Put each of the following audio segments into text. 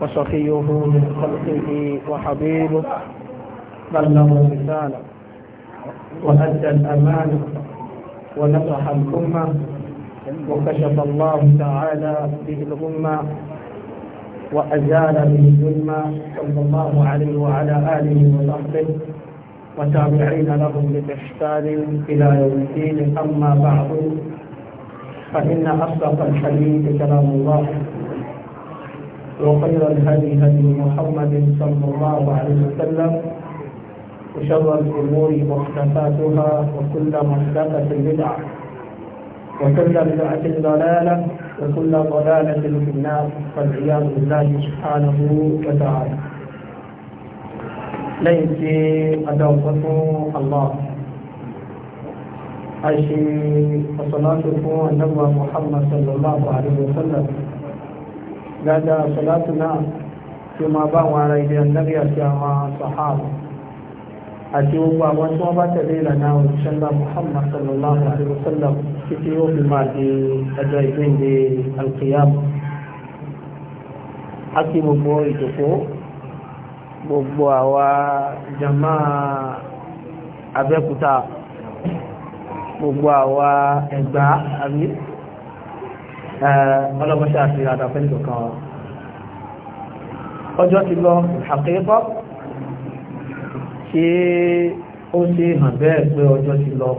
وصفيه من خلقه وحبيبه بلغ الرسالة وأدى الأمانة ونصح الأمة وكشف الله تعالى به الغمة وأزال به الظلمة صلى الله عليه وعلى آله وصحبه وتابعين لهم بإحسان إلى يوم الدين أما بعد فإن أصدق الحديث كلام الله وخير الهدي هدي محمد صلى الله عليه وسلم وشر الأمور محدثاتها وكل محدثة بدعة وكل بدعة ضلالة وكل ضلالة في النار والعياذ بالله سبحانه وتعالى ليس أدوات الله أشي وصلاته النبوة محمد صلى الله عليه وسلم dáadáa sọ̀látù náà tí ó máa bá àwọn ará ilé ànábì àti àwọn sàhábà àti gbogbo àwọn tí wọ́n bá tẹ̀lé ìlànà òṣìṣẹ́ ńlá Muhammad sallallahu alaihi wa sallam títí ó fi máa di ẹjọ́ ìgbéǹde alkiyama a kí gbogbo ìjòkó gbogbo àwa jama Abẹ́òkúta gbogbo àwa Ẹ̀gbá àbí ọlọ́mọṣẹ́ àti àdàfẹ́ nìkan ọjọ́ ti lọ ìṣàkẹ́kọ́ ṣe ó ṣe hàn bẹ́ẹ̀ pé ọjọ́ ti lọ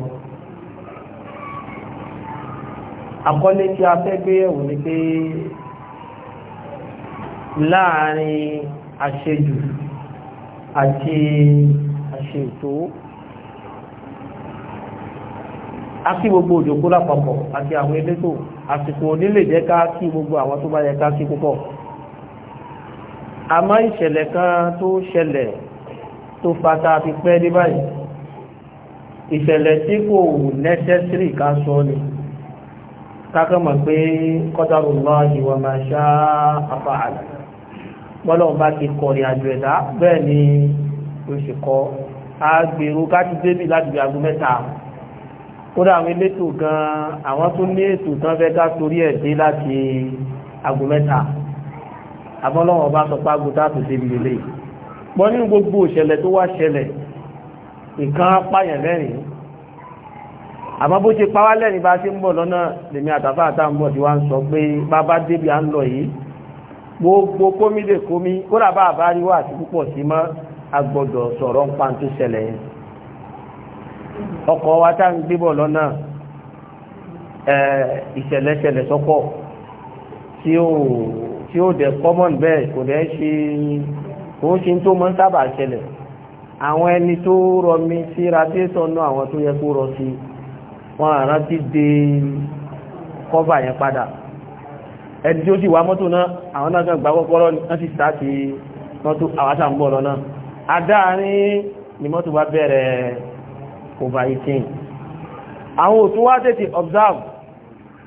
àkọlé tí a fẹ́ gbé ẹ̀wò ni pé láàrin àṣejù àti àṣètò a kí gbogbo òjòkó lápapọ̀ àti àwọn elétò àsìkò onílè jẹ́ ká kí gbogbo àwọn tó bá yẹ ká kí púpọ̀ àmọ́ ìṣẹ̀lẹ̀ kan tó ṣẹlẹ̀ tó fata fi pẹ́ ní báyìí ìṣẹ̀lẹ̀ tí kò necessary ká sọ ni kákàmọ̀ pé qadarullahi wa ma sha'a fa'al bọ́lọ̀ bá ti kọ̀ ní àjò ẹ̀dá bẹ́ẹ̀ ni oṣù kọ agbèrò ká ti débì láti bí aago mẹ́ta kódà àwọn elétò gan àwọn tó ní ètò tán fẹ́ ká torí ẹ̀ dé láti aago mẹ́ta abọ́lọ́wọ́ bá sọ pé aago tá a tó débi lélẹ̀ gbọ́n nínú gbogbo ìṣẹ̀lẹ̀ tó wá ṣẹlẹ̀ ìkan apáyàn lẹ́rìn àmọ́ bó ṣe pawá lẹ́rìn bá ṣe ń bọ̀ lọ́nà lèmi àtàfà àtàǹbọ̀ tí wá ń sọ pé bàbá débi à ń lọ yìí gbogbo kómi lè kódà bá àbá rí púpọ̀ sí mọ́ agbọ́dọ̀ sọ̀rọ̀ ń pa tó ṣẹlẹ̀ yẹn ọkọ̀ wa tá ń gbébọ̀ lọ́nà ìṣẹ̀lẹ̀ṣẹ̀lẹ̀ sọ́kọ̀ tí ó dẹ̀ common bẹ́ẹ̀ kò dẹ̀ ṣe òun ṣe tó mọ́ sábà ṣẹlẹ̀ àwọn ẹni tó rọmi sí radiator náà àwọn tó yẹ kó rọ sí wọn àrántí de kọ́bà yẹn padà ẹni tí ó sì wá mọ́tò náà àwọn náà kan gbà kọ́kọ́rọ́ náà sì sáàtì mọ́tò àwọn àtàǹbọ̀ lọ náà adáàrin ni mọ́tò bá bẹ̀rẹ̀ over eighteen àwọn òtún wá tètè observe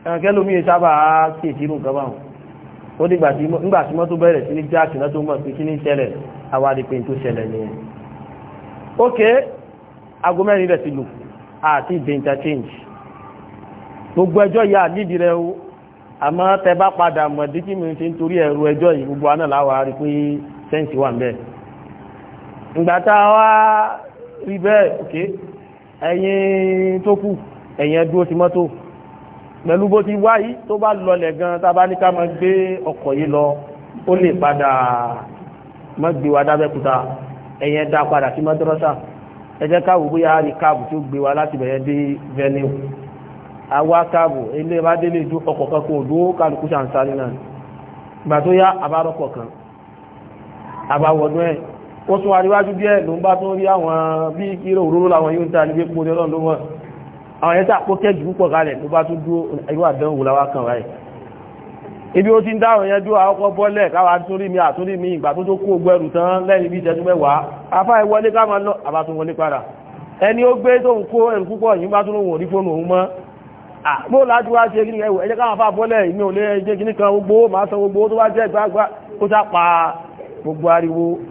ẹ̀rànkẹ́ lómi ẹ̀ sábà kí èsì irun gaba wọn ó dìgbà tí mọ́tò bẹ̀rẹ̀ sí ní jáàkì náà tó mọ̀ pé kí ní ṣẹlẹ̀ àwárí pé tó ṣẹlẹ̀ nìyẹn ok aago mẹ́rin rẹ̀ ti lù àti ìdè interchange gbogbo ẹjọ́ yìí àdídì rẹ̀ o àmọ́ tẹ bá padà mọ̀ díkì mi ti ń torí ẹ̀rù ẹjọ́ yìí gbogbo aná láwàá rí pé sẹ́ǹsì wà ń bẹ̀ ìgbà tá a wá rí bẹ́ẹ̀ ok ẹ̀yin tó kù ẹ̀yin ẹdúró ti mọ́tò pẹ̀lú bó ti wáyé tó bá lọlẹ̀ gan tá bá ní ká máa gbé ọkọ̀ yìí lọ ó lè padà má gbé wa dábẹ́kúta ẹ̀yin ẹ̀dá padà sí mọ́tòrọ́sà ẹ jẹ́ káwò bóyá rí káàbù tó gbé wa láti bẹ̀rẹ̀ dé venue àwa káàbù ilé bá délé ju ọkọ̀ kan kò dúró kálukú ṣàǹsáré náà ìgbà tó yá àbárọ̀kọ̀ kan àbáwọ̀dún ẹ̀ wọ́n tún àríwájú díẹ̀ ló ń bá tún rí àwọn bí kílò òróró làwọn yóò ń ta níbi epo lọ́nà ló wọ́n àwọn yẹn tà kó kẹ́jù púpọ̀ kalẹ̀ tó bá tún dúró irú àdánwò làwa kan wáyé ibi ó ti ń dáhùn yẹn dúró àkọ́kọ́ bọ́lẹ̀ káwa tún rí mi àtúrí mi ìgbà tó tó kó ogbó ẹrù tán lẹ́yìn bí ìṣẹ́jú mẹ́wàá afá ìwọlé káwọn lọ àbá tún wọlé padà ẹni ó gbé tóun kó ẹrù púpọ̀ yìí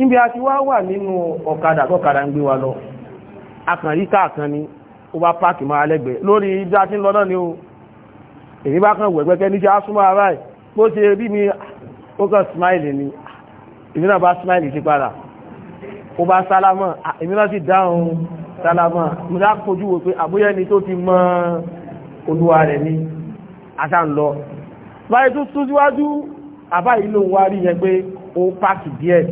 níbi a ti wá wà nínú ọ̀kadà tọ́kadà ń gbé wa lọ akànrí káàkan ni ó bá páàkì máa lẹ́gbẹ̀ẹ́ lórí ibi a ti ni ó èyí bá kàn wẹ̀ pẹ́kẹ́ níṣẹ́ asúmọ́ ara ẹ̀ bó ṣe rí mi ó kàn smile ni èmi náà bá smile sí padà ó bá sálámọ̀ èmi náà sì dáhùn sálámọ̀ mo dá kojú wo pé àbúyẹ́ni tó ti mọ olúwa rẹ̀ ni àṣà ń lọ báyìí tó tún síwájú àbá yìí ló ń wá rí yẹn pé ó páàkì díẹ̀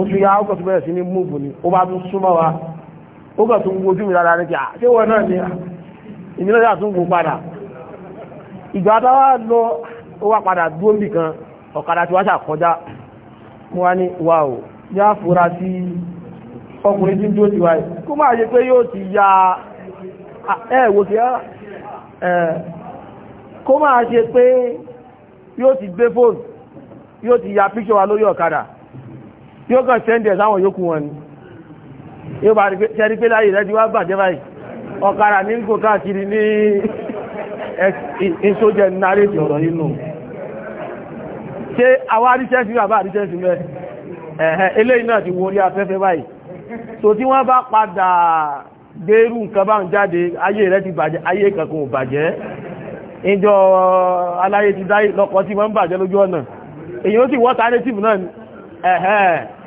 oṣù ya ọkọ̀ tó bẹ̀rẹ̀ sí ní múùbù ni ó bá tún súnmọ́ wa ó kàn tún wojú mi rárá níjà ṣé wọn náà ni ìmílẹ̀ yà tún wò padà ìgbà táwa lọ ó wá padà dúró bì kan ọ̀kadà tí wá ṣàkọjá mo wá ní wa ò yá fura sí ọkùnrin tí ń dúró ti wáyé kó máa ṣe pé yóò ti ya ẹ̀wò kí kó máa ṣe pé yóò ti gbé fóònù yóò ti ya píṣọ́ wa lórí ọ̀kadà yóò kàn sẹ́ndì ẹ̀ sáwọn yòókù wọn ni yóò bá ṣẹ́rí pé láyé rẹ̀ ti wá bàjẹ́ báyìí ọ̀kadà ní kò káàkiri ní ìṣójẹ́ nárètì ọ̀rọ̀ nínú ṣé àwa àríṣẹ́ sí bàbá mẹ́ ẹ̀hẹ́ náà ti wọlé afẹ́fẹ́ báyìí so tí wọ́n bá padà gbérù nǹkan bá ń jáde ayé rẹ̀ ti bàjẹ́ ayé kankan ò bàjẹ́ ìjọ aláyé ti dáyé lọ́kọ̀ tí wọ́n ń bàjẹ́ lójú ọ̀nà èyí ó sì wọ́ta náà ẹ̀hẹ́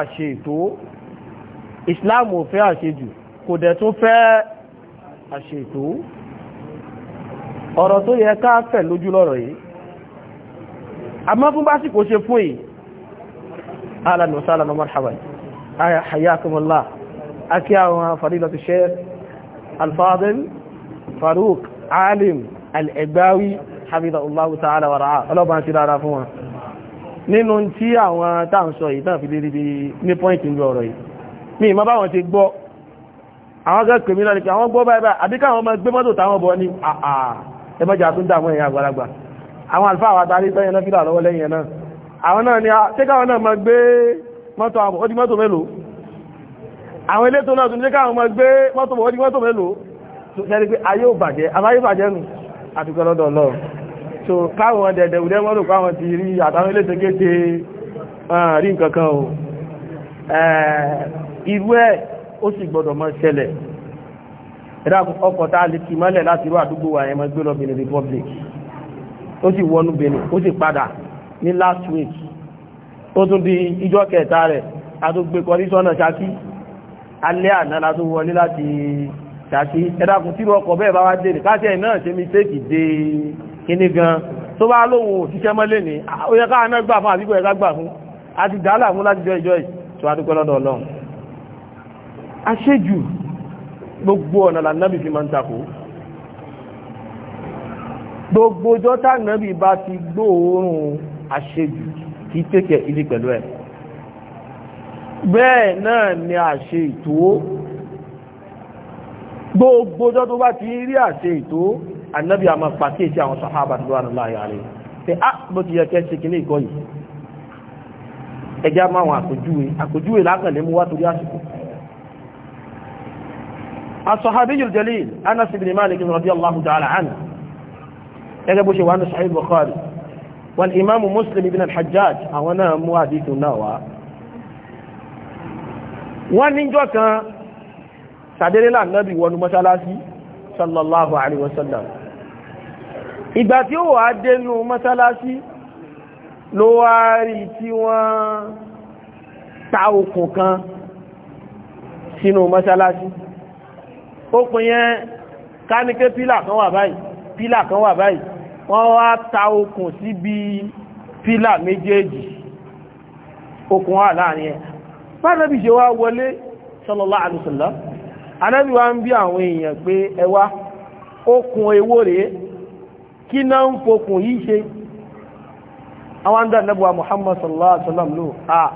àṣe ètò islam ò fẹ́ àṣejù kò dẹ̀ tó fẹ́ àṣe ètò ọ̀rọ̀ tó yẹ ká fẹ̀ lójú lọ́rọ̀ yìí àmọ́ fún básìkò ṣe fún yìí ahlan wa sahlan wa marhaban hayyakumullah akí àwọn fadilatu sheikh al-fadil nínú tí àwọn táà ń sọ ìtàn fi lérí ní pọ́ìntì ní ọ̀rọ̀ yìí mi ìmọ́ báwọn ti gbọ́ àwọn gẹ́gẹ́ kèmí lọ́nà pé àwọn gbọ́ báyìí àbí káwọn ọmọ gbé mọ́tò táwọn bọ́ ní àà ẹmọ́jà tó ń dàmú ẹ̀yà àgbàlagbà àwọn àlfà àwọn adarí tọ́yẹn náà fílà lọ́wọ́ lẹ́yìn náà àwọn náà ni ṣé káwọn náà máa gbé mọ́tò àbọ̀ ó di mọ́tò mélòó àwọn elétò náà tún ṣé káwọn máa gbé mọ́tò bọ̀ ó di mọ́tò mélòó tó ṣẹ́rí pé ayé ò bàjẹ́ àbáyé bàjẹ́ so káwọn dẹ̀dẹ̀ ìdẹ́ mọ́rò káwọn ti rí àtàwọn ilé ṣekéte rí nkankan o irú ẹ̀ ó sì gbọ́dọ̀ mọ́ ṣẹlẹ̀ ẹ̀dàkùn ọkọ̀ tá a lè kì mọ́lẹ̀ láti rú àdúgbò wa ẹ̀mọ́ gbé lọ Benin Republic ó sì wọnú Benin ó sì padà ní last week ó tún di ìjọ kẹta rẹ̀ àtúgbé kọlíṣọ́nà Ṣakí alẹ́ àná la tó wọlé láti Ṣakí ẹ̀dàkùn tírú ọkọ̀ bẹ́ẹ̀ bá wá dé ní káṣẹ́ náà ṣe mi tẹ́kì dé kíní gan tó bá lóhun òṣìṣẹ́ mọ́lé ní oyẹ káà náà gbà fún àbíkò ẹ̀ká gbà fún àti dàálà fún láti jọ ìjọ ìtò adúpẹ́ lọ́dọ̀ ọlọ́run aṣejù gbogbo ọ̀nà lànàbì fi máa ń takò gbogbo ọjọ́ tànàbì bá ti gbóòórùn aṣejù kì í tẹ́kẹ̀ ilé pẹ̀lú ẹ̀ bẹ́ẹ̀ náà ni àṣe ìtò gbogbo ọjọ́ tó bá ti rí àṣe ìtò ànábì àmọ́ pàkíyèsí àwọn sàhábà tó wà nílá ayà rẹ̀ pé á bó ti yẹ kẹ́ ṣe kìíní ìkọ́ yìí ẹjá máa wọn àpèjúwe àpèjúwe lákànlẹ̀ mú wá torí àsìkò الصحابي الجليل أنس بن مالك رضي الله تعالى عنه يجب شيء صحيح البخاري والإمام مسلم بن الحجاج أو أنا مواديث النوى وأن نجوك سعدنا النبي ونمسالاتي sallallahu alaihi wasallam ìgbà tí ó wà dénú mọ́sálásí ló wá rí tí wọ́n ta okùn kan sínú mọ́sálásí okùn yẹn ká ní pé pílà kan wà báyìí pílà kan wà báyìí wọ́n wá ta okùn síbi pílà méjèèjì okùn wà láàrin ẹ̀ bá Nábì ṣe wá wọlé sallallahu alaihi wasallam anábì wa ń bí àwọn èèyàn pé ẹ okùn ewó rèé kí náà ń fokùn yìí ṣe àwọn Muhammad sallallahu alaihi wasallam ló à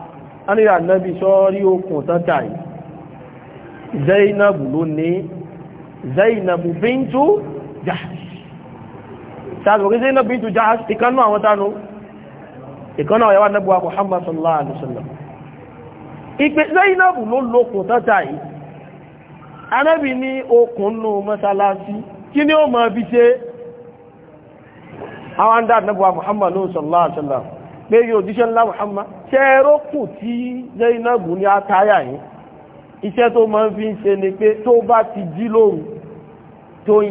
ánìyà nẹ́bì sọ́rí okùn tọ́ta Zainabu Zainabu Zainabu sallallahu alaihi anábì ní okùn nù mọ́sálásí kí ni ó mọ̀ bí ṣe àwọn andá àdínábùwà Muhammad sallallahu alayhi wasallam pé yóò díṣẹ́ ńlá Muhammad ṣẹ́ẹ̀rọ kù tí Zainabu ní atáyà yìí iṣẹ́ tó máa ń fi ń ṣe ni pé tó bá ti jí lóru tó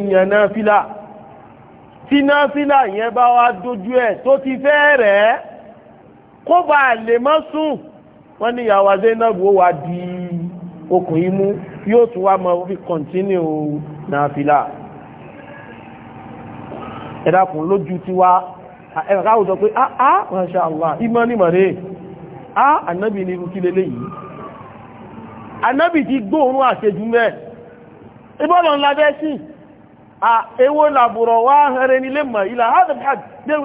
kó bá lè mọ́ sùn wọ́n ní ìyàwó Zainabu ó wá di okùn yìí yóò tún wá mọ́ fi kọ̀ntínú nàfìlà ẹ̀dàkùn lójú ti wá ẹ̀rọ àwùjọ pé àá ah, ah, Masha Allah ìmọ̀ ní mọ̀rẹ́ àá ah, ànábì ní irúkí lélẹ̀ yìí ànábì ti gbóòórùn àṣejù mẹ́ ìbọ́lọ̀ ńlá bẹ́ sí èwo làbùrọ̀ wá hẹrẹ nílé mọ̀ ilà hádùbhàd dérú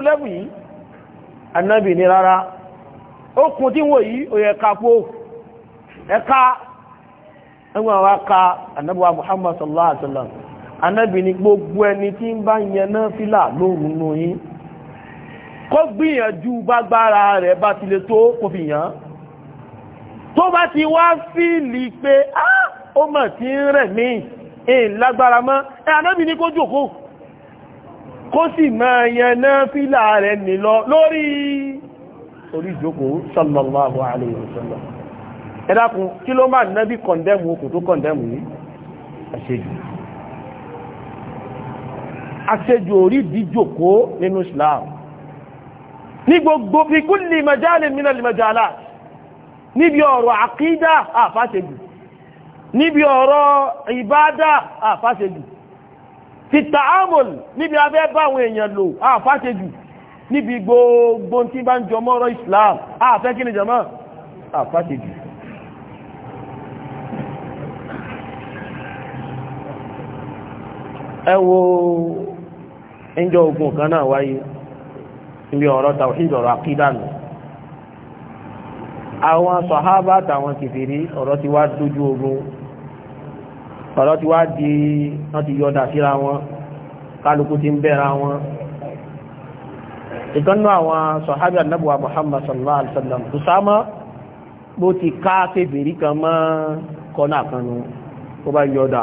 ẹgbẹ́ wa ka anábíwá muhammad sallallahu alaihi wasallam anábì ní gbogbo ẹni tí ń bá yẹn náà fílà lóòrùn nù yín kó gbìyànjú bágbára rẹ̀ bá ti lè tó kó fi yàn tó bá ti wá fíìlì pé ah, ó mọ̀ tí ń rẹ̀ mí in lágbára mọ́ ẹ anábì ní kó jòkó kó sì máa yẹn fílà rẹ̀ nìlọ lórí orí ìjókòó sallallahu alaihi wasallam ẹ dákun kí ló máa nẹ́bí kọ̀ndẹ́mù okùn tó kọ̀ndẹ́mù yìí àṣejù àṣejù orí díjòkó nínú Islam ní gbogbo fi kulli majalin minal majalat níbi ọ̀rọ̀ àkídà àfáṣejù níbi ọ̀rọ̀ ìbádà àfáṣejù ti tààmùl níbi abẹ́ báwọn èèyàn lò àfáṣejù níbi gbogbo tí bá ń jọmọ́ Islam àfẹ́ kí ni jọmọ́ àfáṣejù ẹ wo ẹjọ́ ogun kan náà wáyé ibi ọ̀rọ̀ tawhid ọ̀rọ̀ akídà nù àwọn sọ̀hábà àtàwọn kìfìrí ọ̀rọ̀ ti wá dójú ogun ọ̀rọ̀ ti wá di wọ́n ti yọ̀dà síra wọn kálukú ti ń bẹ́ra wọn ìkannú àwọn sọ̀hábà ànábì wa Muhammad sallallahu alaihi wasallam Usama bó ti ká kébìrí kan mọ́ kọ́nà kan nù ó bá yọ̀dà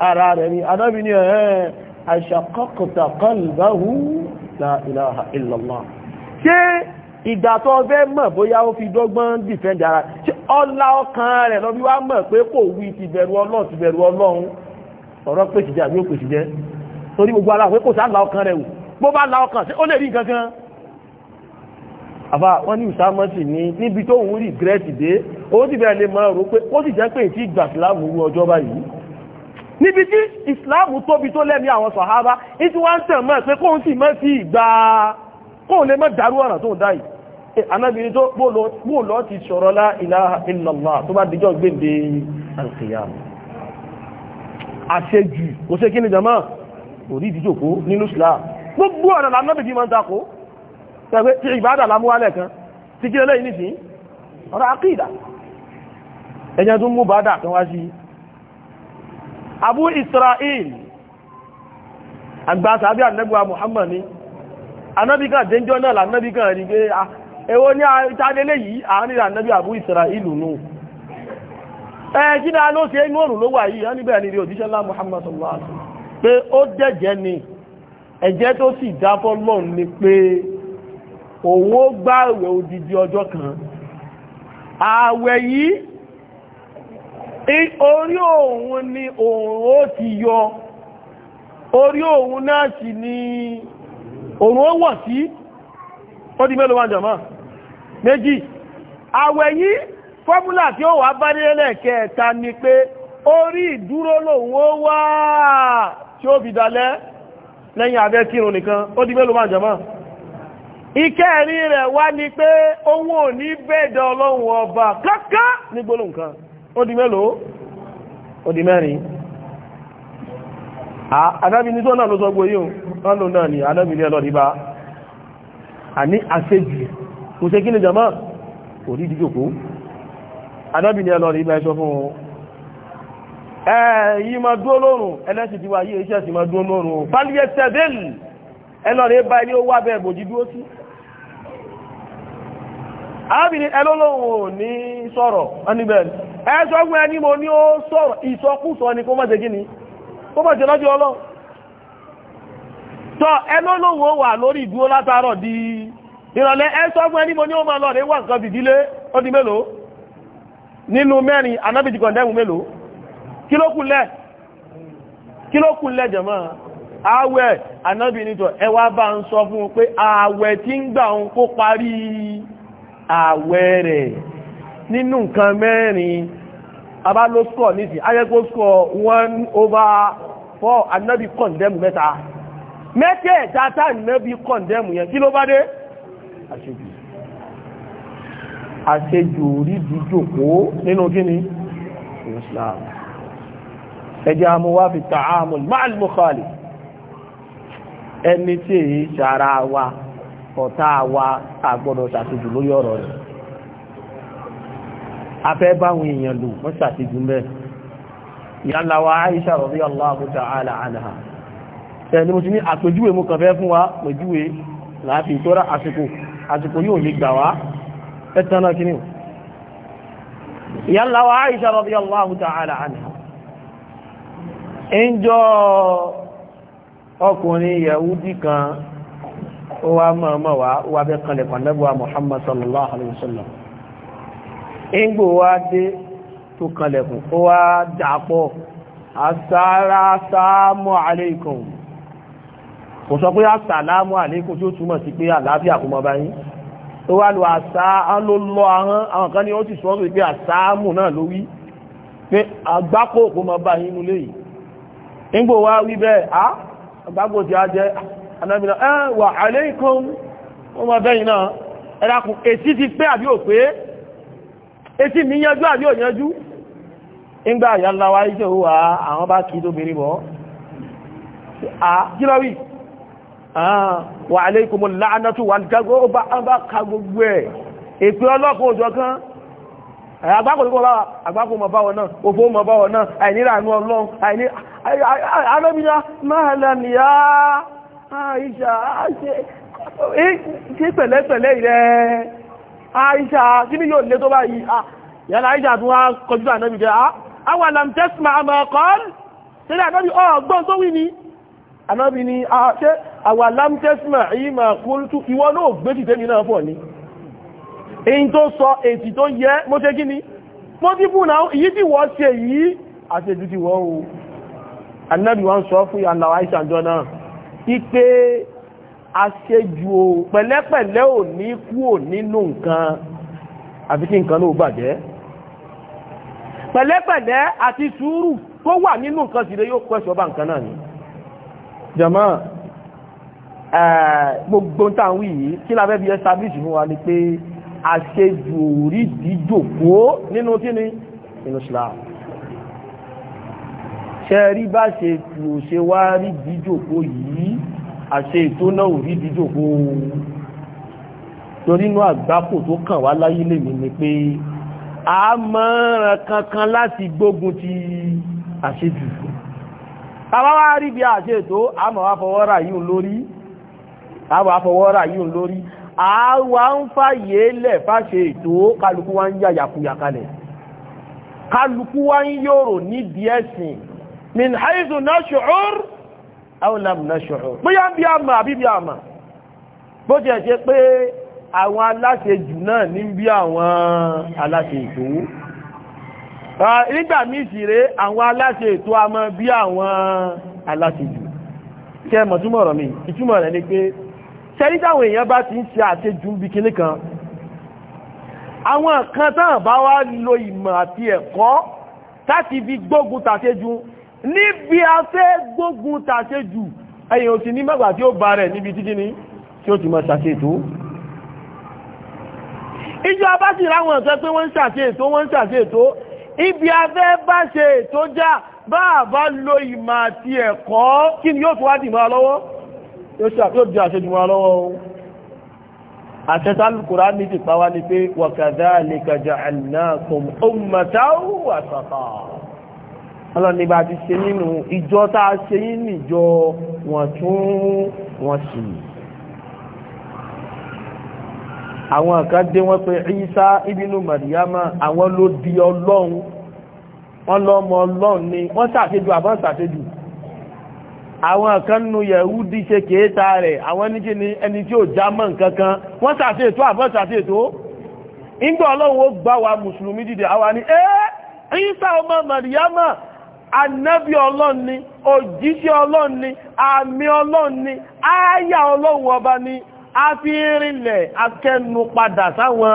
ara rẹ̀ ni anábì ní ẹ̀ẹ́ àṣàkọ́kọ̀tà qalbahu la ilaha illallah ṣé ìgbà tó fẹ́ mọ̀ bóyá ó fi dọ́gbọ́n dìfẹ́ǹdì ara ṣé ọlá ọkàn rẹ̀ lọ bí wá mọ̀ pé kò wí ti bẹ̀rù ọlọ́run ti bẹ̀rù ọlọ́run ọ̀rọ̀ pèsè jẹ́ àbí ó pèsè jẹ́ torí gbogbo ara pé kò sá la ọkàn rẹ̀ wò bó bá la ọkàn sí ó lè rí nǹkan kan àbá wọ́n ní ìsámọ́sì níbi tí ìsìláàmù tóbi tó lẹ́mí àwọn sàhábà ìtí wá ń tẹ̀ mọ́ pé kóhun sì mọ́ sí ìgbà kóhun lè mọ́ dàrú ọ̀nà tó ń dá yìí anábìnrin tó bóòlọ́ ti sọ̀rọ̀ lá ilaha illallah tó bá dijọ́ gbèǹde ni jama orí ìdíjòkó nínú islam gbogbo ọ̀nà lánàbìnrin máa ń takò tẹ́gbẹ́ tí ìbádà lámúwálẹ̀ kan ti kí lẹ́yìn nìsín tó mú bádà kan wá sí abu isra'il agba sabi anabuwa muhammad ni anabika denjo na la anabika rige ewo ni itadele yi ahani anabi abu isra'il nu eh jina lo se inu orun lo wa yi ani be ni re odise la muhammad sallallahu alaihi wasallam pe o jeje ni eje to si da fọlọn ni pe owo gba we odidi ojo kan awe yi orí òun ni òun ó ti yọ orí òun náà sì ni òun ó wọ̀ sí ó di mélòó wọn jọmọ́ méjì àwẹ̀ fọ́múlà tí ó wà bá nílẹ̀ kẹta ni pé orí ìdúró lòun ó wà tí ó fi dalẹ́ lẹ́yìn abẹ́ kírun nìkan ó di mélòó wọn jọmọ́ ìkẹrin rẹ̀ wá ni pé òun ò ní bẹ́ẹ̀dẹ̀ ọlọ́run ọba kankan ní gbólóhùn ó di mélòó ó di mẹ́rin àdábi ní tó náà ló sọ gbé yíò wọ́n lò náà ni àdábi ní ẹlọ́dí bá a ní àṣejù kò ṣe kí ni jama kò rí díjòkó àdábi ní ẹlọ́dí bá ẹṣọ́ fún ẹ̀yí ma dúó lórùn ẹlẹ́sì ti wáyé iṣẹ́ sì ma dúó lórùn pálíyẹ tẹ́bẹ̀lì ẹlọ́dí bá ilé arábìnrin ẹlọ́lọ́wọ̀n ní sọ̀rọ̀ anibẹ̀lì ẹ̀ṣọ́ ẹni mo ní ó ni kó mọ́sẹ̀ gíní kó mọ́sẹ̀ lọ́jọ́ ọlọ́ tọ́ ẹlọ́lọ́wọ̀n wà lórí ìdúró látàárọ̀ di ìrọ̀lẹ́ ẹ̀ṣọ́ fún ẹni mo di mélòó nínú mẹ́rin ààwẹ̀ rẹ̀ nínú nǹkan mẹ́rin abá ló score nísìn ayẹ́kó score one over four anábì kọ̀ndẹ́mù mẹ́ta mẹ́tẹ̀ẹ̀ta tá anábì kọ̀ndẹ́mù yẹn kí ló bá dé àṣejù àṣejù orí dídòkó nínú kíni Islam ẹjẹ́ amúwá fi ta'amul ma'al mukhalif ẹni tí èyí ṣàrá ọ̀tá wa àgbọ́dọ̀ ṣàṣejù lórí ọ̀rọ̀ rẹ̀ afẹ́ báwọn èèyàn lò wọ́n ṣàṣejù mẹ́ ìyáńlá wa Aisha radiyallahu ala anha ẹni mo ti ní àpèjúwe mo kàn fún wa pèjúwe láti ìtọ́ra àsìkò àsìkò yóò lè gbà wá ẹ̀tànà o. ìyáńlá Aisha anha kan ó wá mọ̀ọ́mọ̀ wá ó wá fẹ́ kanlẹ̀ pàdébùwà Muhammad sallallahu alayhi wa sallam ìgbò wá dé tó kanlẹ̀kùn ó wá dàpọ̀ àsára sáàmù alaykum kò sọ pé àsàlámù alaykum tí ó túmọ̀ sí pé àlàáfíà kò mọ́ báyìí ó wá lo àsá ló lọ ahọ́n àwọn kan ní ó ti sọ́rọ̀ pé àsáàmù náà ló wí pé àgbákò kò mọ́ báyìí nulé yìí ìgbò wá wí bẹ́ẹ̀ ah, àgbákò tí a jẹ́ anábìnà ẹ wà alaykum wọ́n máa bẹ́yìn náà ẹ̀dàkùn èsì ti pé àbí ò pé èsì mi yanjú àbí ò yanjú ńgbà ìyáláwá iṣẹ́ òwà àwọn bá kí tó bèèrè bọ́ kílọ́wì wà alaykum al-la'natu wà jágó bá ká gbogbo ẹ̀ èpè ọlọ́kùn òjò kan àgbákò mọ̀ báwọn náà òfò mọ̀ báwọn náà àìníra àánú ọlọ́run àìní Aisha, ṣe pẹ̀lẹ́pẹ̀lẹ́ ilẹ̀ àìṣà kí ní yóò lé tó bá yìí ah, yàlá àìṣà tún wá kọjú ànábì jẹ́ àwọn alamtẹ́sìmà ah, àmọ̀kọ́l tẹ́lẹ̀ ànábì ọgbọ́n oh, tó wí ni ànábì ni ah, ṣe àwọn alamtẹ́sìmà ìmọ̀ kúrútù ìwọ náà gbé ti tẹ́mi náà fọ̀ ni èyí tó sọ èsì tó yẹ mo ṣe kí ni mo ti fún náà èyí tí wọ́n ṣe yìí àṣejù ti wọ́n o ànábì wọ́n wípé aṣejù o pẹ̀lẹ́pẹ̀lẹ́ ò ní kúò nínú nǹkan àfi kí nǹkan ló bàjẹ́ pẹ̀lẹ́pẹ̀lẹ́ àti sùúrù tó wà nínú nǹkan sì lè yóò kọ́ ẹ̀ṣọ́ bá nǹkan náà ni jama gbogbo ń tàn wí yìí kí la fẹ́ fi establish fún wa ni pé aṣejù ò rí díjòkó nínú kí ni nínú Islam ṣẹ́rí bá ṣe tù ṣe wá rí díjòkó yìí àṣẹ ètò náà rí díjòkó torí inú tó kàn wá láyé lèmi ni pé a mọ́ràn kankan láti gbógun ti àṣejù bàbá wá rí bí àṣẹ ètò a máa wá fọwọ́ rà yín lórí a máa wá fọwọ́ rà yín lórí a wá ń fàyè lẹ̀ fàṣẹ ètò kálukú wá ń yàyàkuyà kalẹ̀ kálukú wá ń yòrò nídìí ẹ̀sìn min haizu nash'ur aw lam nash'ur bóyá bí a mọ̀ àbí bí a mọ̀ bó ti ẹ̀ ṣe pé àwọn aláṣẹ jù náà ní bí àwọn aláṣẹ ètò nígbà míì sì ré àwọn aláṣẹ ètò a mọ̀ bí àwọn aláṣẹ jù kẹ́ mọ̀ túmọ̀ ọ̀rọ̀ mi ìtumọ̀ rẹ̀ ni pé ṣẹ́rí táwọn èèyàn bá ti ń ṣe àṣejù bí kinní kan àwọn kan tán bá wá lo ìmọ̀ àti ẹ̀kọ́ láti fi gbógun tàṣejù níbi afẹ́ gbógun tàṣe jù ẹ̀yìn òsì ní mẹ́gbà tí ó bá rẹ̀ níbi títí ní tí ó ti mọ̀ ṣàṣe ètò ìjọ bá sì ráwọn ọ̀tọ́ pé wọ́n ń ṣàṣe ètò wọ́n ń ṣàṣe ètò ibi afẹ́ bá ṣe ètò já bá bá lo ìmọ̀ àti ẹ̀kọ́ kí ni yóò tó wá dì mọ́ lọ́wọ́ ọlọ́ni bá ti ṣe nínú ìjọ tá a ṣe yín níjọ wọ́n tún wọ́n sì àwọn kan dé wọ́n pé Ìsá ibinu Màríyámà àwọn ló di ọlọ́run wọ́n lọ́mọ ọlọ́run ni wọ́n ṣàṣejù àbọ̀ ṣàṣejù àwọn kan nu yẹ̀húdí ṣe kéèta rẹ̀ àwọn níjẹ́ ni ẹni tí ó já mọ́ nǹkan kan wọ́n sàṣètò àbọ́ sàṣètò ìgbà ọlọ́run ó gbá wa mùsùlùmí dìde àwa ní ẹ́ Ìsá ọmọ Màríyámà anábì ọlọ́run ni òjíṣẹ́ ọlọ́run ni àmì ọlọ́run ni ááyà ọlọ́run ọba ni a fi rinlẹ̀ akẹnu padà sáwọn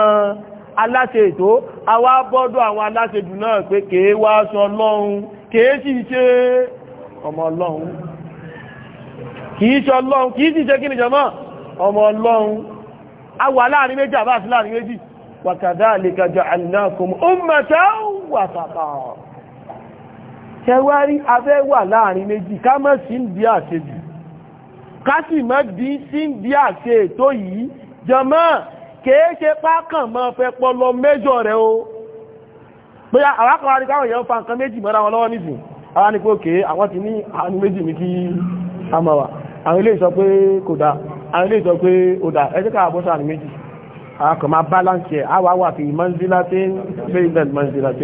aláṣẹ ètò àwọn abọ́dọ̀ àwọn aláṣẹ jù náà pé kèé wá sọ ọlọ́run kèé sì ṣe ọmọ ọlọ́run kìí ṣe ọlọ́run kìí sì ṣe kí ni jọmọ́ ọmọ ọlọ́run a wà láàrin méjì àbáàsí ṣẹwárí afẹ́ wà láàrin méjì ká mọ́ sí ń bí àṣejù ká sì mọ́ bí sí ń bí àṣe ètò yìí jọmọ́ kèé ṣe pákàn mọ́ fẹ́ pọlọ mẹ́jọ rẹ̀ o bóyá àwákọ̀wá ní káwọn èèyàn fa nǹkan méjì mọ́ra wọn lọ́wọ́ nìsìn ara ní pé òkè àwọn ti ní àánú méjì ní kí a máa wà àwọn ilé ìsọ pé kò dá àwọn ilé ìsọ pé ó dá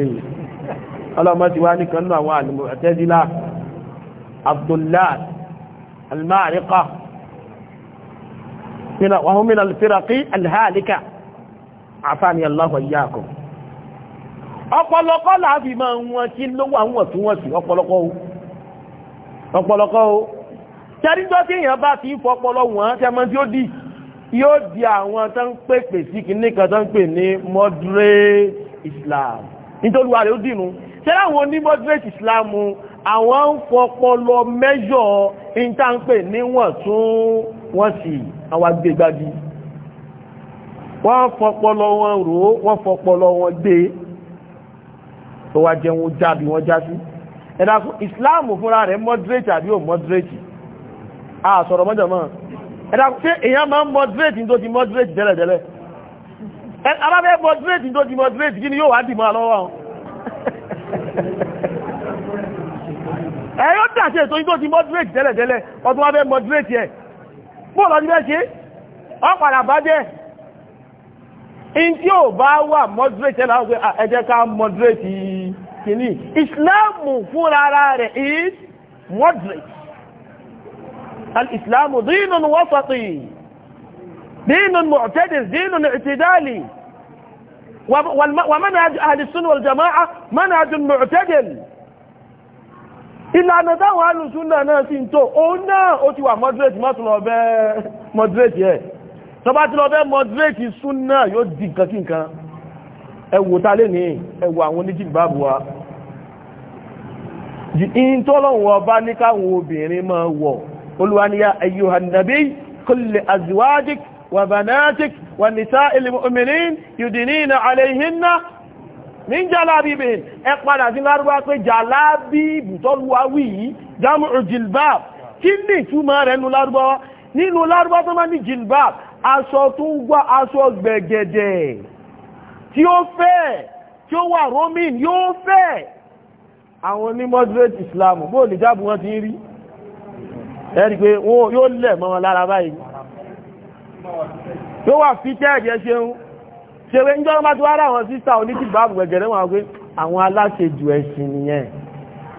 ẹ ọlọ́mọ ti wá nìkan nù àwọn àtẹ́dílá abdullah almarika wọ́n mìíràn alfiraki alhalika àfáàní aláwọ̀ yáàkùn ọ̀pọ̀lọpọ̀ láàfin máa wọn kí ló wà wọ́n tí wọ́n sì ọ̀pọ̀lọpọ̀ o ọ̀pọ̀lọpọ̀ o tẹ́ríjọ́ tí èèyàn bá ti ń fọpọlọ wọn tẹ́mọ́ tí ó dì yóò di àwọn tó ń pèpè sí kìíní tó ń pè ní moderate Islam nítorí wà rẹ̀ ó dìnnú ṣẹlẹ̀ àwọn onímọ̀dúrẹ́tì islam àwọn ń fọpọlọ mẹ́jọ ìntànpè níwọ̀n tún wọ́n sì àwọn agbègbàdì wọ́n fọpọlọ wọn rò ó wọ́n fọpọlọ wọn dé tó wá jẹun jábí wọ́n já sí ẹ̀dá islam fúnra rẹ̀ mọ́dúrẹ́tì àbí ò mọ́dúrẹ́tì a sọ̀rọ̀ mọ́jọ̀mọ́ ẹ̀dá ṣé èèyàn máa ń mọ́dúrẹ́tì tó ti mọ́dúrẹ́tì tẹ́lẹ̀tẹ́lẹ̀ arábẹ́ mọ́dúrẹ́tì tó ti ni yóò wá dìmọ́ ẹ̀yọ́ dàṣẹ ètò yìí tó ti moderate tẹ́lẹ̀tẹ́lẹ̀ ọdún wáfẹ́ moderate ẹ̀ bóòlù ọdún bẹ́ẹ̀ ṣe ọ̀pàdà bá jẹ́ in tí ò bá wà moderate ẹ̀lá ọgbẹ́ ẹ jẹ́ ká moderate kìíní ìsìláàmù fúnra ara rẹ̀ is moderate al-islamu dínun wasati dínun mu'tadil dínun i'tidali ومنهج أهل السنة والجماعة منهج معتدل ìlànà táwọn alùsúnnà náà sí ń tó òun náà ó ti wà moderate má tún lọ bẹ́ moderate yẹ tó bá ti lọ bẹ́ moderate súnnà yóò di nǹkan kí nǹkan ẹ wò ta lè ní ẹ wò àwọn oníjìlbáàbù wa in tó lọ́wọ́ bá ní káwọn obìnrin máa wọ̀ olúwa ní ayyuhan nabi kulli azwajik وبناتك والنساء المؤمنين يدنين عليهن من جلابيبهن اقبل في الاربعة جلابيب تلواوي جمع جلباب كل ثم رنو الاربعة nínú lárúbá tó máa ní jilbab aṣọ tó ń gbá aṣọ gbẹ̀gẹ̀dẹ̀ tí ó fẹ́ tí ó wà romin yóò fẹ́ àwọn ní moderate islam bóò lè jábù wọn ti ń rí ẹ́rì pé yóò lẹ̀ mọ́ wọn lára báyìí tó wà fitted yẹ ṣeun ṣeré ń jọ́nà bá ti wá rà àwọn sísà oníkìgbà àbùgbẹ̀gẹ̀rẹ́ wọn pé àwọn aláṣejù ẹ̀sìn nìyẹn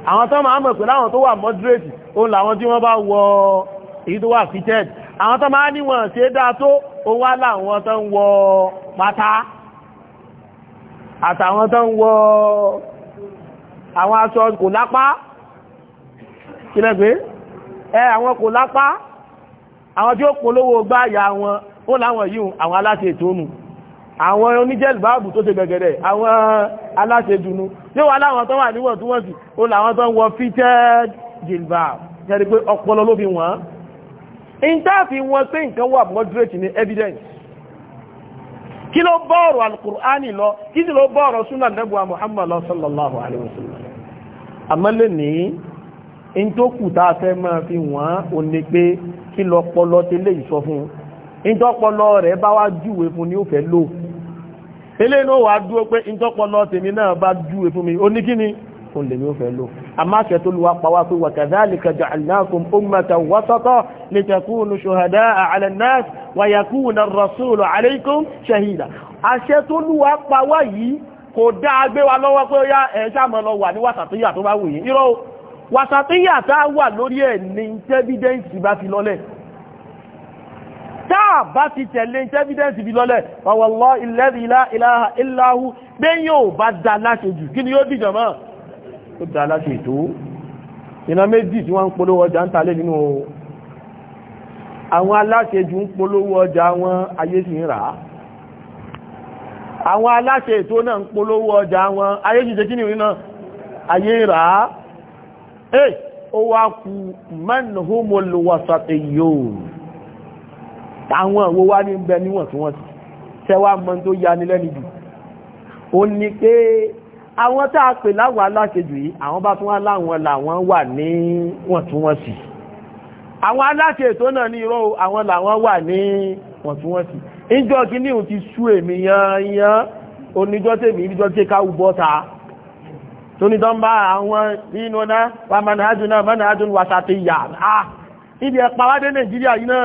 àwọn tó máa mọ̀ pé láwọn tó wà moderate òun làwọn tí wọ́n bá wọ èyí tó wà fitted àwọn tó máa ní wọn ṣe dáa tó ó wá láwọn àwọn tí ó polówó gbá àyà wọn ó láwọn yìí àwọn aláṣẹ ìtónù àwọn oníjẹ́lìbáàbù tó ṣe gẹ̀gẹ̀rẹ̀ àwọn aláṣẹ dùnú yóò wá láwọn tó wà níwọ̀n tó wọ́n sì ó láwọn tó fitted jilbab tẹ́rí pé ọpọlọ ló fi wọ́n in táàfi wọn pé evidence kí ló bọ́ọ̀rọ̀ alukur'ani lọ kí ló bọ́ọ̀rọ̀ muhammad lọ sallallahu alaihi wasallam àmọ́ lè ní in tó kù fi wọ́n kí lọ pọlọ tẹ́lẹ̀ ìsọ fún ìtọ́pọlọ rẹ̀ bá wá júwe fún ní ó fẹ́ lò eléyìí náà wàá dúró pé ìtọ́pọlọ tèmi náà bá júwe fún mi oníkíni fún lèmi ó fẹ́ lò àmáṣẹ tó lu wa pa wá pé wa kadhalika ja'alnakum ummatan wasata litakunu shuhada'a 'ala an-nas wa yakuna ar-rasulu 'alaykum shahida àṣẹ tó lu wa wá yìí kò dáa gbé wa lọ́wọ́ pé ó yá ẹ̀ ní wàsàtíyà tó bá wù yìí irọ́ wàsàtíyà tá a wà lórí ẹ̀ ní tẹ́bídẹ́ǹsì bá ti lọ́lẹ̀ táà bá ti tẹ̀lé tẹ́bídẹ́ǹsì bí lọ́lẹ̀ fàwọ̀lọ́ ilẹ̀rí ìlàhà ìlàhù pé yóò bá dá láṣe jù kí ni yóò dìjọ mọ́ ó dá láṣe tó iná méjì tí wọ́n ń polówó ọjà ń ayé sì ni ìrìnà ayé eh ó wá kú manhumul wasatiyyun táwọn owó wá ní bẹ níwọ̀n tí wọ́n ti tẹ́wàá mọ́ tó yá ní lẹ́nu jù ó ní pé àwọn tá a pè láwọn aláṣejù yìí àwọn bá tún wá láwọn làwọn wà ní wọ̀ntúnwọ̀nsì àwọn aláṣẹ ètò náà ní irọ́ àwọn làwọn wà ní wọ̀ntúnwọ̀nsì ìjọ kìíní ti sú èmi yan yan oníjọ́ tèmi ìjọ tí ká wù bọ́ta tónítọ́n bá àwọn nínú náà wà mọ́nàájú náà mọ́nàájú wàsàtì yà á ah, ibi ẹ̀pàwádé nàìjíríà yìí náà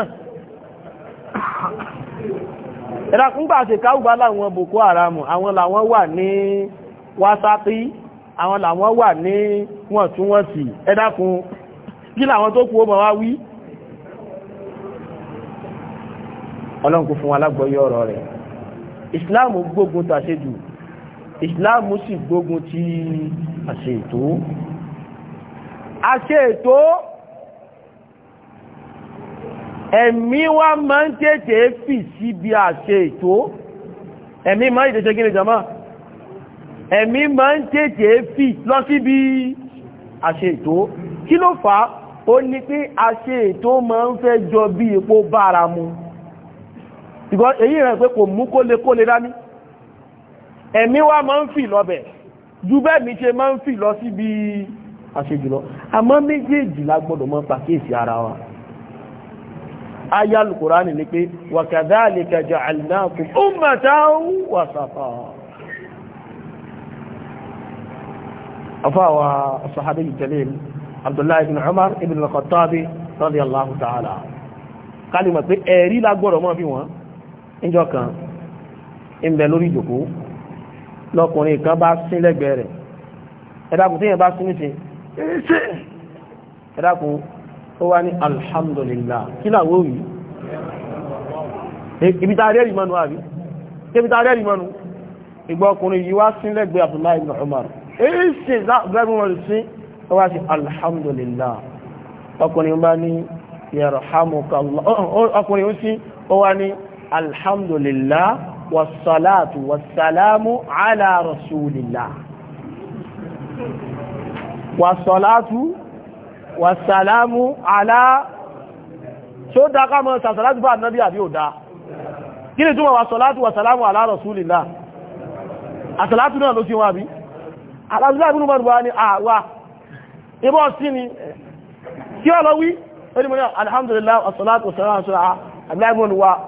ìràkúngbà àti káùgbà láwọn boko haram àwọn làwọn wà ní wàsàtì àwọn làwọn wà ní wọ̀ntúnwọ̀nsì ẹ dákun kí làwọn tó kú ó mọ̀ wá wí ọlọ́nkú islam sì gbógun ti àṣẹ ètò àṣẹ ètò ẹ̀mí wa máa ń tètè fì síbi àṣẹ ètò ẹ̀mí máa ń tètè gíní jama ẹ̀mí máa ń tètè fì lọ síbi àṣẹ ètò kí ló fà ó ní pé àṣẹ ètò máa ń fẹ́ jọ bí epo bára mu èyí rẹ̀ pé kò mú kólekóle dání ẹ̀mí wa máa ń fì lọ́bẹ̀ ju bẹ́ẹ̀ mi ṣe máa ń fì lọ síbi àṣejùlọ àmọ́ méjèèjì la gbọ́dọ̀ máa pàkíyèsí ara wa aya alukurani ni pé wa kadhalika ja'alnakum ummatan wasata afáwa sahabi jalil abdullahi ibn umar ibn al kan ń lórí ìjòkó lọkùnrin kan bá sín lẹ́gbẹ̀ẹ́ rẹ̀ ẹ̀dàkùn tí yẹn bá sín níṣe ẹ̀dàkùn ó wá ní alhamdulillah kí làwọ́ wí ibi tá rẹ́rì mọ́nu àbí ibi tá rẹ́rì mọ́nu ìgbọ́ ọkùnrin yìí wá sín lẹ́gbẹ̀ẹ́ Abdullahi ibn Umar èyí sì gbẹ́gbẹ́ wọn alhamdulillah wasalatu wasalamu ala rasulillah wasalatu wasalamu ala tí ó dá kámọ́ sàtàlátù bá nábí àbí ò dá kí ni túnmọ̀ wasalatu wasalamu ala rasulillah àtàlátù náà ló sí wá bí alásílá ìbínú mọ́rùn-ún ni àwà ibọ́ sí ni kí ọlọ́wí ó ní mọ́ alhamdulillah wasalatu wasalamu ala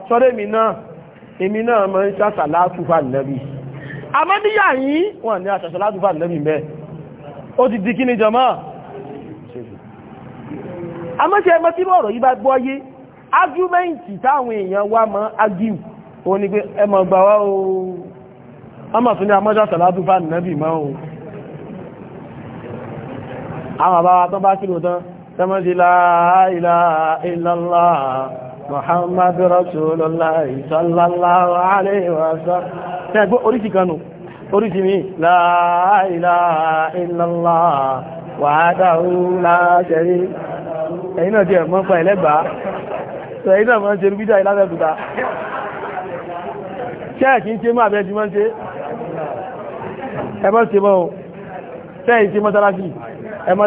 rasulillah èmi náà mọ́ ń sàṣàlátù fà nẹ́bí àmọ́díyà yìí wọ́n ní àṣàṣàlátù fà nẹ́bí mẹ́ ó ti di kí ni jọmọ́ àmọ́ṣẹ́ ẹmọ́ tí ọ̀rọ̀ yìí bá gbọ́yé ágúmẹ́ǹtì táwọn èèyàn wá mọ́ ágìm ó ní pé ẹmọ̀ gbà wá o ọmọ tún ní àmọ́ṣẹ́ sàṣàlátù fà nẹ́bí mọ́ o àwọn àbáwá tó bá sílò tán tẹ́mọ́ sí muhammadu rasulullah sallallahu alaihi wasallam tẹ́gbọ́ oríṣi kanú oríṣi mi la ilaha illallah wahdahu la sharika ẹ̀yìn náà jẹ́ mọ́ pa ẹ̀lẹ́gbàá sọ ẹ̀yìn náà mọ́ ṣe rúgbídà ìlàbẹ̀kúta ṣẹ́ẹ̀kì ń ṣe máa bẹ́ẹ̀ ti mọ́ ṣe ẹmọ́ ṣe mọ́ o ṣẹ́ẹ̀ ṣe mọ́ tàbí ẹmọ́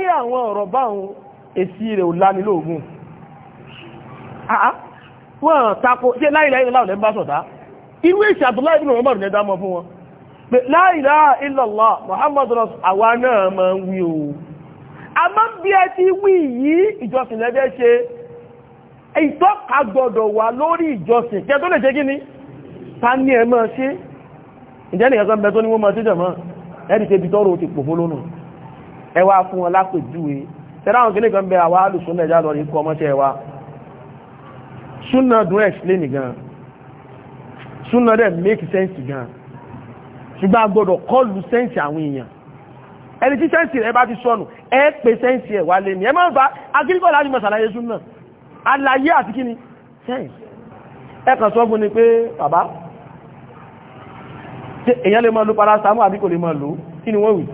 rí àwọn ọ̀rọ̀ báwọn èsì rẹ̀ ò lánilóògùn wọ́n tako ṣe láìláì ìlàlá ọ̀lẹ́ ń bá sọ̀tá irú èsì àtúláì ìbìnà wọn bọ̀rọ̀ nẹ́dá mọ́ fún wọn pé láìláà ìlàlá Muhammadu ras àwa náà ma ń wí o a má ń bí ẹ ti wí yìí ìjọsìn lẹ́bẹ́ ṣe ìtọ́ka gbọ́dọ̀ wà lórí ìjọsìn kẹ́ tó lè ṣe kíni ta ní ẹ máa ṣe ìjẹ́ nìkan kan bẹ tó ní wọ́n máa tọ́rọ ti pòfó lónìí ẹ wá fún wọn lápèjúwe tẹ́láwọn kìnnì kan bẹ àwa alùsùnà ìjà lọ rí kọ ọmọṣẹ́ wa súnà dùn explain gan súnà dẹ̀ make sense gan ṣùgbọ́n a gbọ́dọ̀ kọlu sense àwọn èèyàn ẹni tí sẹ́ǹsì rẹ̀ bá ti sọnù ẹ pè sẹ́ǹsì ẹ̀ wálé ní ẹ máa ń bá agíríkọ́ láti ni pé bàbá èèyàn lè máa lo paracetamol àbí kò lè máa lo kí ni wọ́n wí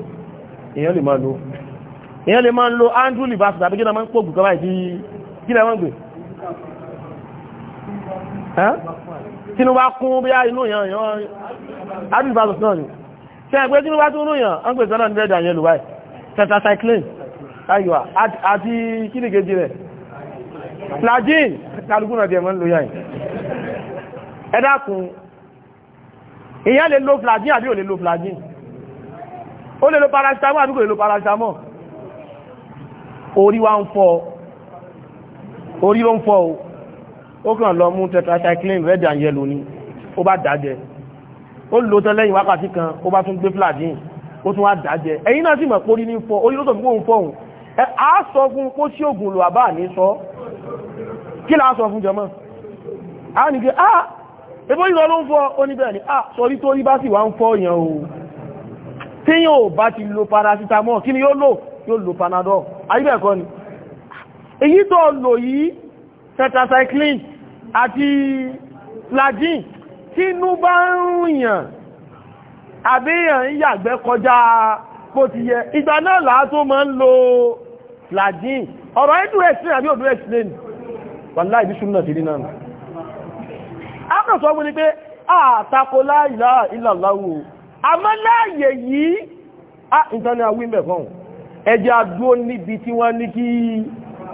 èèyàn lè máa lo èèyàn lè máa lo andrew libas tàbí gíná máa ń pògùn kọ́wàá ìdí gíná máa ń gbé tínú bá kún bí á inú èèyàn èèyàn andrew libas náà ni ṣe ẹgbẹ́ tínú bá tún rú èèyàn ń pè sọ́nà nílẹ̀ ìdàyẹn lù báyìí tetracycline ayọ̀ àti kílìkejì rẹ̀ flagin kálukú náà tiẹ̀ máa ń lo yáyìn ẹ dákun èèyàn lè lo flagin àbí ò lè lo flagin ó lè lo paracetamol àdúgbò lè lo paracetamol orí wa ń fọ́ orí ló ń fọ́ o ó kàn lọ mú tetracycline red and yellow ni ó bá dájẹ́ ó lò tán lẹ́yìn wákàtí kan ó bá tún gbé fladin ó tún wá dájẹ́ ẹ̀yìn náà sì mọ̀ pórí ní fọ́ orí ló sọ fún fọ́ òun a sọ fún kó sí ah ebó ìrọ̀ ló ń fọ́ ah sọrí tó rí bá sì wá téèyàn ò bá ti lo paracetamol kí ni yóò lò yóò lo panadol ayíbẹ̀ẹ̀kọ́ ni èyí tó lò yìí tetracycline àti flagyl tínú bá ń rìnyàn àbíyàn ń yàgbẹ́ kọjá bó ti yẹ ìgbà náà làá máa ń lo flagyl ọ̀rọ̀ ẹ̀dùn ẹ̀sìn àbí òdùn ẹ̀sìn lẹ́nu wàlá ìbí ṣúnà sí nínú àmì. a kàn sọ wọ́n ni pé àtakọlá ìlà ìlàláwò àmọ́ láàyè yìí a nǹkan ni àwí mẹ́fọ́n ẹjẹ́ adúó níbi tí wọ́n ní kí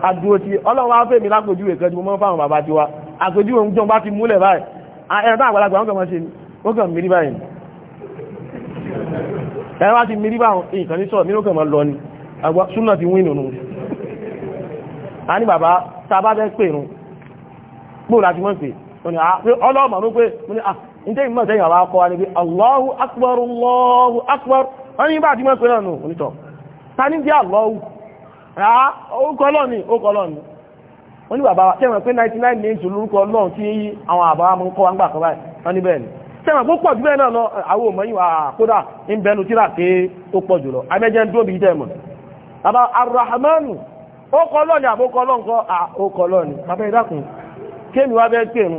adúó ti ọlọ́run á fèmí lápòjúwe kan tí mo mọ́ fáwọn bàbá ti wa àpèjúwe ń jọ bá ti múlẹ̀ báyìí ẹ̀rọ tá àgbàlagbà wọn kàn máa ṣe ni wọ́n kàn mírí báyìí ẹ̀rọ bá ti mírí báwọn nǹkan ní sọ̀rọ̀ nínú kàn máa lọ ni ah, ló pé mo nítorí mọ́ sẹ́yìn àwọn akọ́ wa ní Allahu akbar Allahu akbar wọ́n ní bá àti mọ́ pẹ̀lú ọ̀nà onítọ̀ o ní jẹ́ Allahu orúkọ lọ́ọ̀ni orúkọ lọ́ọ̀ni 99 names olórúkọ lọ́ọ̀ tí àwọn àbáwá mọ́ kọ́ wa ń gbà kọ́ báyìí wọ́n ní bẹ́ẹ̀ ni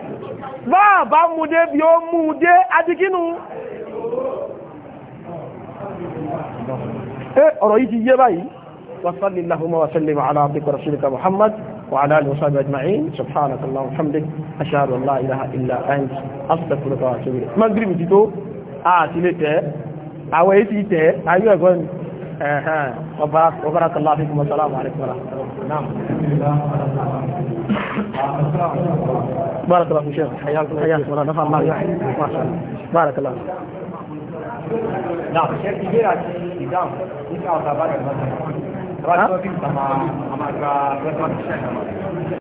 báà bá mú dé bí ó mú dé adikínú ẹ ọ̀rọ̀ yìí ti yé báyìí وصل اللهم وسلم على عبدك ورسولك محمد وعلى اله وصحبه اجمعين سبحانك اللهم وبحمدك اشهد ان لا اله الا انت استغفرك واتوب اليك مغرب تيتو اه تيلته awẹ́ ti tẹ́ ayé ẹ̀gọ́ ni وبارك الله فيكم والسلام عليكم ورحمة الله نعم بارك الله فيك شيخ حياكم الله نفع الله ما شاء الله بارك الله نعم شيخ كبير عشان الإدام إن شاء الله بارك الله